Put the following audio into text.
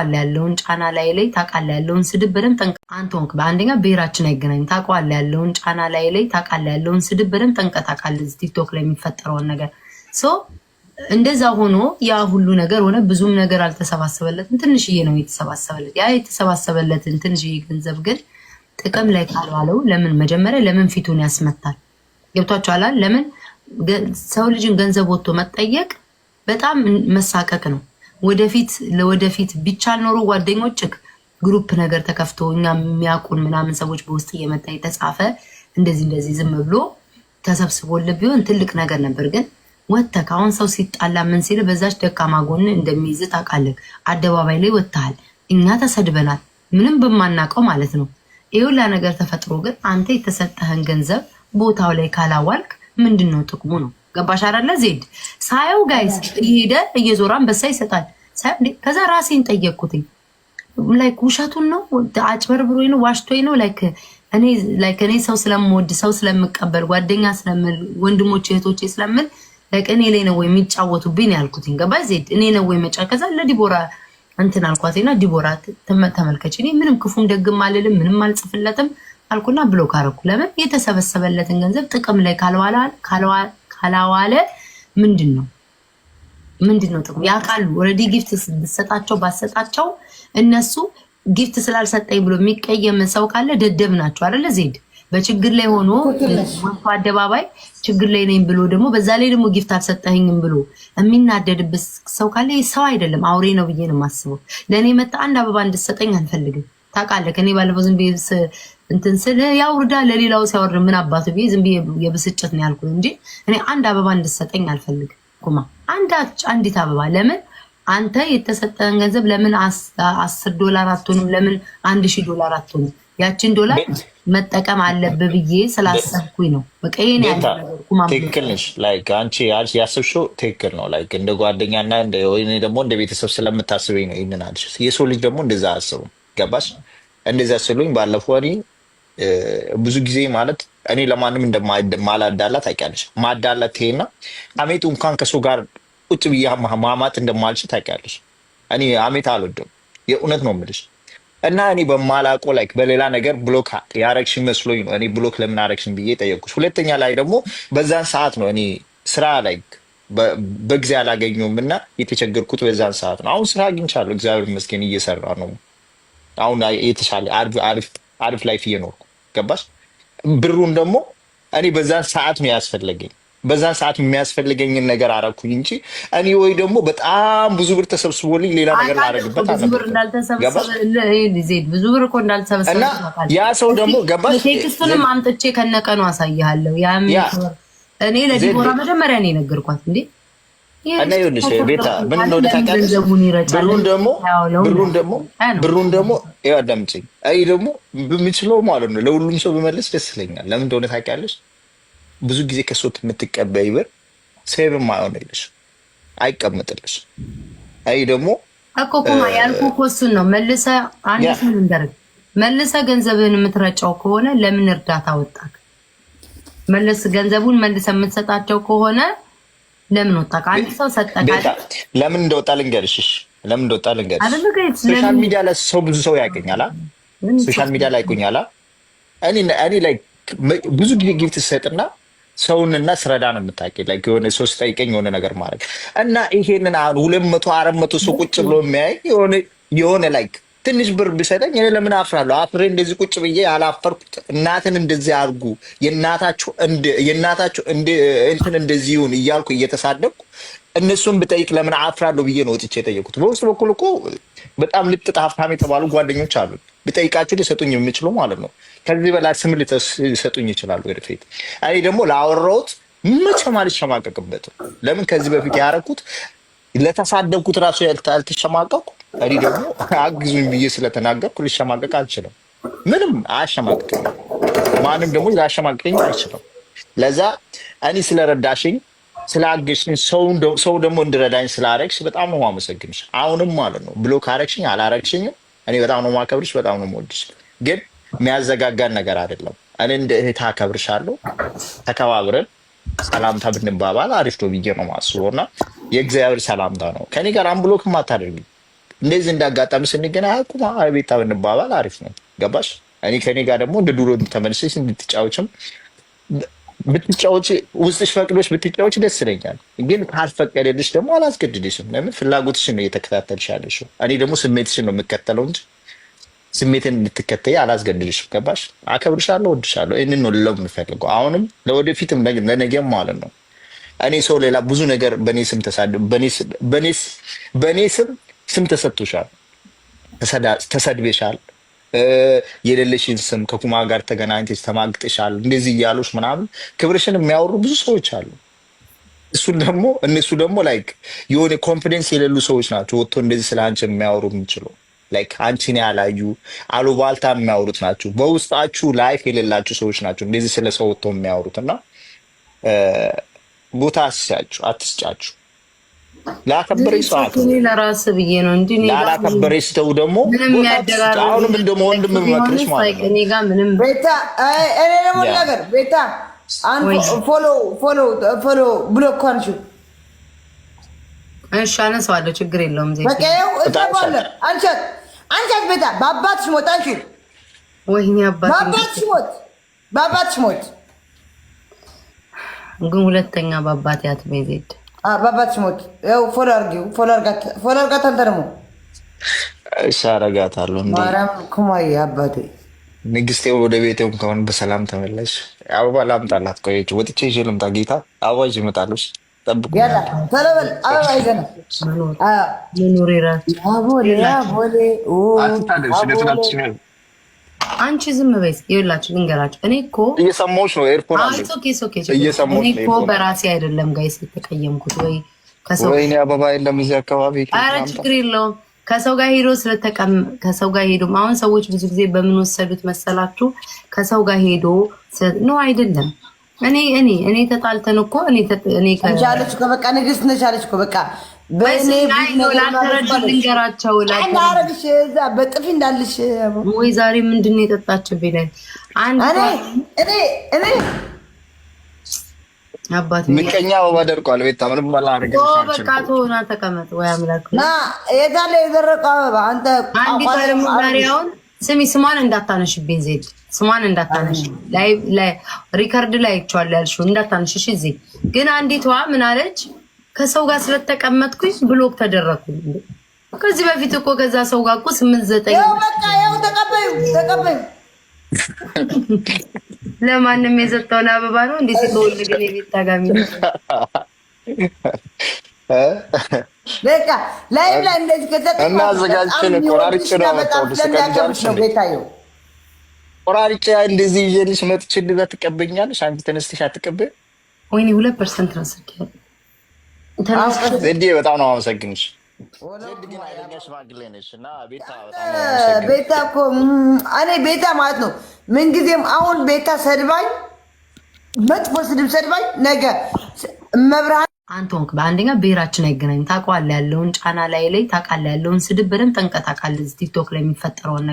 ታውቃለህ ያለውን ጫና ላይ ላይ ታውቃለህ ያለውን ስድብ በደንብ ጠንቅ አንቶንክ በአንደኛ ብሔራችን አይገናኝም። ታውቃለህ ያለውን ጫና ላይ ላይ ታውቃለህ ያለውን ስድብ በደንብ ጠንቀህ ታውቃለህ ቲክቶክ ላይ የሚፈጠረውን ነገር ሰው እንደዛ ሆኖ ያ ሁሉ ነገር ሆነ። ብዙም ነገር አልተሰባሰበለትም። ትንሽዬ ነው የተሰባሰበለት። ያ የተሰባሰበለትን ትንሽዬ ገንዘብ ግን ጥቅም ላይ ካልዋለው ለምን መጀመሪያ ለምን ፊቱን ያስመታል? ገብቷችኋል? ለምን ሰው ልጅን ገንዘብ ወጥቶ መጠየቅ በጣም መሳቀቅ ነው። ወደፊት ለወደፊት ቢቻል ኖሮ ጓደኞችክ ግሩፕ ነገር ተከፍቶ እኛ የሚያውቁን ምናምን ሰዎች በውስጥ እየመጣ የተጻፈ እንደዚህ እንደዚህ ዝም ብሎ ተሰብስቦል ቢሆን ትልቅ ነገር ነበር። ግን ወጥተህ አሁን ሰው ሲጣላ ምን ሲል በዛች ደካማ ጎን እንደሚይዝ ታውቃለህ። አደባባይ ላይ ወጥተሃል። እኛ ተሰድበናል፣ ምንም በማናውቀው ማለት ነው። ይህ ሁላ ነገር ተፈጥሮ ግን አንተ የተሰጠህን ገንዘብ ቦታው ላይ ካላዋልክ ምንድን ነው ጥቅሙ ነው? ገባሽ አይደለ? ዜድ ሳየው ጋይስ እየሄደ እየዞረ አንበሳ ይሰጣል። ከዛ ራሴን ጠየቅኩትኝ ላይክ ውሸቱን ነው አጭበርብሮ ነው ዋሽቶኝ ነው ላይክ እኔ ላይክ እኔ ሰው ስለምወድ ሰው ስለምቀበል ጓደኛ ስለምል ወንድሞች እህቶቼ ስለምል ላይክ እኔ ላይ ነው የሚጫወቱብኝ ያልኩትኝ ገባ ዜድ እኔ ነው ወይ መጫ ከዛ ለዲቦራ እንትን አልኳትና ዲቦራ ተመልከች እኔ ምንም ክፉም ደግም አልልም ምንም አልጽፍለትም አልኩና ብሎክ አረኩ። ለምን የተሰበሰበለትን ገንዘብ ጥቅም ላይ ካላዋለ ምንድን ነው ምንድን ነው ጥቅም? ያ ኦልሬዲ ጊፍት ብሰጣቸው ባሰጣቸው እነሱ ጊፍት ስላልሰጠኝ ብሎ የሚቀየም ሰው ካለ ደደብ ናቸው አይደለ? ዜድ በችግር ላይ ሆኖ አደባባይ ችግር ላይ ነኝ ብሎ ደግሞ በዛ ላይ ደግሞ ጊፍት አልሰጠኝም ብሎ የሚናደድበት ሰው ካለ ሰው አይደለም አውሬ ነው ብዬ ነው የማስበው። ለእኔ መጣ አንድ አበባ እንድሰጠኝ አልፈልግም። ታውቃለህ እኔ ባለፈው ዝም ብዬ እንትን ስል ያውርዳ ለሌላው ሲያወርድ ምን አባቱ ብዬ ዝም ብዬ የብስጭት ነው ያልኩት እንጂ እኔ አንድ አበባ እንድሰጠኝ አልፈልግም። ኩማ አንዳች አንዲት አበባ ለምን አንተ የተሰጠን ገንዘብ ለምን አስር ዶላር አትሆንም? ለምን አንድ ሺህ ዶላር አትሆንም? ያችን ዶላር መጠቀም አለብ ብዬ ስላሰብኩኝ ነው። በቃ ይሄን ትክክል ነሽ። ላይክ አንቺ ያስብሽው ትክክል ነው። ላይክ እንደ ጓደኛና ወይ ደግሞ እንደ ቤተሰብ ስለምታስበኝ ነው ይህንን አልሽ። የሰው ልጅ ደግሞ እንደዛ አያስብም። ገባሽ? እንደዚያ ስሉኝ ባለፈው እኔ ብዙ ጊዜ ማለት እኔ ለማንም እንደማላዳላ ታውቂያለሽ። ማዳላት ይሄና አሜቱ እንኳን ከሱ ጋር ቁጭ ብያ ማማት እንደማልች ታውቂያለሽ። እኔ አሜት አልወድም፣ የእውነት ነው የምልሽ። እና እኔ በማላቆ ላይክ በሌላ ነገር ብሎክ ያረግሽኝ መስሎኝ ነው እኔ ብሎክ ለምን አረግሽን ብዬ ጠየቅኩሽ። ሁለተኛ ላይ ደግሞ በዛን ሰዓት ነው እኔ ስራ ላይ በጊዜ አላገኘሁም እና የተቸገርኩት በዛን ሰዓት ነው። አሁን ስራ አግኝቻለሁ፣ እግዚአብሔር ይመስገን እየሰራ ነው አሁን የተሻለ አሪፍ ላይፍ እየኖርኩ ገባሽ። ብሩን ደግሞ እኔ በዛን ሰዓት ያስፈለገኝ። በዛን ሰዓት የሚያስፈልገኝን ነገር አረኩኝ እንጂ እኔ ወይ ደግሞ በጣም ብዙ ብር ተሰብስቦልኝ ሌላ ነገር ላደርግበት ብዙ ብር እኮ እንዳልተሰበሰበ እና ያ ሰው ደግሞ ገባሽ። ቴክስቱንም አምጥቼ ከነቀኑ አሳይሃለሁ። እኔ ለዲቦራ መጀመሪያ ነው የነገርኳት እንዴ እና ይኸውልሽ ቤታ ምን እንደሆነ ታውቂያለሽ። ብሩን ደግሞ ብሩን ደግሞ ብሩን ደግሞ ይኸው አዳምጪኝ። አይ ደግሞ በሚችለው ማለት ነው ለሁሉም ሰው ብመለስ ደስ ይለኛል። ለምን እንደሆነ ታውቂያለሽ። ብዙ ጊዜ ከሶት የምትቀበይ ብር ሴብም አይሆንልሽ፣ አይቀመጥልሽ። አይ ደግሞ እኮ እኮ ያልኩህ እኮ እሱን ነው መልሰ አንድ ሰው ልንገርህ፣ መልሰህ ገንዘብህን የምትረጫው ከሆነ ለምን እርዳታ ወጣክ? መልስ ገንዘቡን መልሰ የምትሰጣቸው ከሆነ ለምን ወጣ? ከአንድ ሰው ሰጠ። ለምን እንደወጣ ልንገርሽሽ። ለምን እንደወጣ ልንገርሽ። ሶሻል ሚዲያ ላይ ሰው ብዙ ሰው ያገኛላ። ሶሻል ሚዲያ ላይ ይቁኛላ። እኔ እኔ ላይ ብዙ ጊዜ ጊፍት ሰጥና ሰውንና ስረዳ ነው የምታውቂው። ላይ የሆነ ሰው ስጠይቀኝ የሆነ ነገር ማድረግ እና ይሄንን አሁን ሁለት መቶ አራት መቶ ሰው ቁጭ ብሎ የሚያይ የሆነ ላይክ ትንሽ ብር ቢሰጠኝ እኔ ለምን አፍራለሁ? አፍሬ እንደዚህ ቁጭ ብዬ ያላፈርኩት እናትን እንደዚህ አርጉ የእናታችሁ የእናታችሁ እንትን እንደዚህ ይሁን እያልኩ እየተሳደብኩ እነሱን ብጠይቅ ለምን አፍራለሁ ብዬ ነው ወጥቼ የጠየቁት። በውስጥ በኩል እኮ በጣም ልጥጥ ሀብታም የተባሉ ጓደኞች አሉ። ብጠይቃቸው ሊሰጡኝ የሚችሉ ማለት ነው። ከዚህ በላይ ስም ሊሰጡኝ ይችላሉ። ወደፊት እኔ ደግሞ ላወራሁት መቼም አልሸማቀቅበትም። ለምን ከዚህ በፊት ያረኩት ለተሳደብኩት ራሱ ያልተሸማቀቁ እኔ ደግሞ አግዙኝ ብዬ ስለተናገርኩ ሊሸማቀቅ አልችልም። ምንም አያሸማቅቀኝ፣ ማንም ደግሞ ሊያሸማቅቀኝ አልችልም። ለዛ እኔ ስለረዳሽኝ ስላገሽኝ ሰው ደግሞ እንድረዳኝ ስላረግሽ በጣም ነው ማመሰግንሽ። አሁንም ማለት ነው ብሎ ካረግሽኝ አላረግሽኝም፣ እኔ በጣም ነው ማከብርሽ፣ በጣም ነው መወድሽ። ግን የሚያዘጋጋን ነገር አይደለም። እኔ እንደ እህት አከብርሻለሁ። ተከባብረን ሰላምታ ብንባባል አሪፍ ነው ብዬ ነው ማስበው እና የእግዚአብሔር ሰላምታ ነው ከኔ ጋር አምብሎክ ማታደርግኝ እንደዚህ እንዳጋጣሚ ስንገናኝ አቁማ አቤታ ብንባባል አሪፍ ነው። ገባሽ? እኔ ከኔ ጋር ደግሞ እንደ ዱሮ ተመልሰሽ እንድትጫወችም ብትጫወች ውስጥሽ ፈቅዶች ብትጫወች ደስ ይለኛል። ግን ካልፈቀደልሽ ደግሞ አላስገድድሽም። ለምን ፍላጎትሽን ነው እየተከታተልሽ ያለሽው። እኔ ደግሞ ስሜትሽን ነው የምከተለው እንጂ ስሜትን እንድትከተይ አላስገድድሽም። ገባሽ? አከብርሻለሁ፣ ወድሻለሁ። ይህንን ነው ለው የምፈልገው አሁንም ለወደፊትም ለነገም ማለት ነው። እኔ ሰው ሌላ ብዙ ነገር በእኔ ስም ተሳድ በእኔ ስም ስም ተሰጥቶሻል፣ ተሰድቤሻል፣ የሌለሽን ስም ከኩማ ጋር ተገናኝተሽ ተማግጥሻል፣ እንደዚህ እያሉሽ ምናምን ክብርሽን የሚያወሩ ብዙ ሰዎች አሉ። እሱን ደግሞ እነሱ ደግሞ ላይክ የሆነ ኮንፊደንስ የሌሉ ሰዎች ናቸው ወጥቶ እንደዚህ ስለ አንቺ የሚያወሩ የምችለው ላይክ አንቺን ያላዩ አሉባልታ የሚያወሩት ናቸው። በውስጣችሁ ላይፍ የሌላችሁ ሰዎች ናቸው እንደዚህ ስለ ሰው ወጥቶ የሚያወሩት እና ቦታ አስያችሁ አትስጫችሁ። ላከበረች ሰዓት ለራስ ብዬ ነው እንጂ ላላከበረች ስተው ደግሞ አሁንም እንደሞ ወንድም መክረች ማለት ነው። ምንም ቤታ እኔ ደግሞ ነገር ቤታ አንተ ፎሎ ፎሎ ፎሎ ብሎ ኳንሹ እሺ፣ አነሳዋለሁ ችግር የለውም። ዜ በቀየው እጠባለ አንቻት አንቻት ቤታ በአባትሽ ሞት አንቺ ወይኔ አባት በአባትሽ ሞት በአባትሽ ሞት ግን ሁለተኛ በአባት ያት ዜድ አባባት ሲሞት ያው ፎሎ አድርጊው። ፎሎ አድርጋት አንተ ደግሞ እሺ፣ አደርጋታለሁ። ማርያም ኩማዬ አባቴ ንግስቴ ወደ ቤቴ ከሆን በሰላም ተመለሽ። አበባ ላምጣላት። ቆየች ወጥቼ ይዤ ልምጣ። ጌታ አበባ ይዤ እመጣለሁ። ጠብቁ። አበባ ይዘናል። አንቺ ዝም በይ እስኪ ይኸውላችሁ ልንገራችሁ። እኔ እኮ እየሰማሁሽ ነው ኤርፎን አለ። ኦኬ ኦኬ እየሰማሁሽ ነው። እኮ በራሴ አይደለም ጋይስ የተቀየምኩት ወይ ከሰው ወይ አበባ የለም እዚህ አካባቢ። ኧረ ችግር የለውም ከሰው ጋር ሄዶ ስለተቀም ከሰው ጋር ሄዶ አሁን ሰዎች ብዙ ጊዜ በምን ወሰዱት መሰላችሁ? ከሰው ጋር ሄዶ ነው አይደለም እኔ እኔ እኔ ተጣልተን እኮ እኔ እኔ ከጃለች እኮ በቃ ንግስት ነች አለች እኮ በቃ ልንገራቸው በጥፊ እንዳልሽ ወይ ዛሬ ምንድን ነው የጠጣችው? ምቀኛ አበባ ደርቋል። በቃ ተሆና ተቀመጥ። ወይ አምላክ የዛለ አበባ አንተ ስሚ፣ ስሟን እንዳታነሽብኝ ዜድ፣ ስሟን እንዳታነሽ። ሪከርድ ላይ ይቸዋል ያልሽው እንዳታነሽ። እሺ ግን አንዲቷ ምን አለች? ከሰው ጋር ስለተቀመጥኩኝ ብሎክ ተደረግኩኝ። ከዚህ በፊት እኮ ከዛ ሰው ጋር እኮ ስምንት ዘጠኝ ተቀበዩ ተቀበዩ። ለማንም የሰጠውን አበባ ነው እንዴ ሲተወል ግን የቤት ታጋሚ በቃ ላይ ላይ እንደዚህ ከሰጠ እና አዘጋጅችን ቆራርጭ ነው መጣው ስቀጃልሽ ነው ቤታየው ቆራርጭ እንደዚህ ይዤልሽ መጥቼ እንደዛ ትቀበኛለሽ። አንቺ ተነስተሽ አትቀበይ። ወይኔ ሁለት ፐርሰንት ራስ ያለ በጣም ነው አመሰግንሽ። ቤታ እኮ እኔ ቤታ ማለት ነው ምንጊዜም አሁን ቤታ ሰድባኝ፣ መጥፎ ስድብ ሰድባኝ ነገ መብርሃን አንቶንክ በአንደኛ ብሔራችን አይገናኝም። ታውቃለህ ያለውን ጫና ላይ ላይ ታውቃለህ ያለውን ስድብ በደንብ ጠንቀህ ታውቃለህ ቲክቶክ ላይ የሚፈጠረውን ነገር